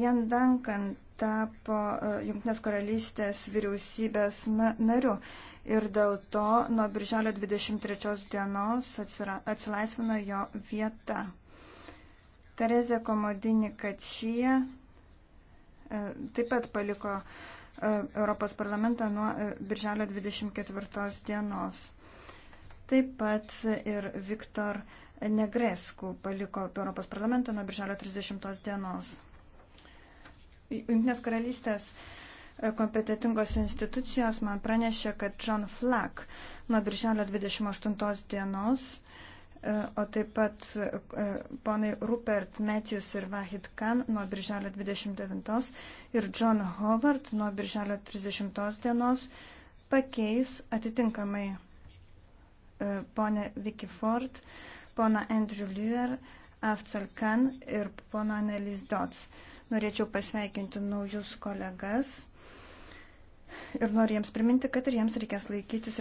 Jan Duncan tapo e, Junktinės karalystės vyriausybės nariu ir dėl to nuo birželio 23 dienos atsilaisvino jo vieta. Terezė Komodini Kačyje taip pat e, e, paliko Europos parlamentą nuo birželio 24 dienos. Taip pat ir Viktor Negresku paliko Europos parlamentą nuo birželio 30 dienos. Junktinės karalystės e, kompetitingos institucijos man pranešė, kad John Flack nuo birželio 28 dienos, e, o taip pat e, ponai Rupert Matthews ir Vahid Khan nuo birželio 29 ir John Howard nuo birželio 30 dienos pakeis atitinkamai ponę Vicky Ford, poną Andrew Lear, Afcelkan ir pono Anelis Dots. Norėčiau pasveikinti naujus kolegas ir noriu jiems priminti, kad ir jiems reikės laikytis.